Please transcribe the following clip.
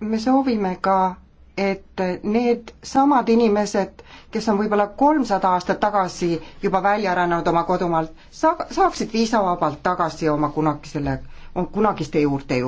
me soovime ka, et need samad inimesed, kes on võib-olla kolmsada aastat tagasi juba välja rännanud oma kodumaalt, saaksid viisavabalt tagasi oma kunagisele, kunagiste juurte juurde.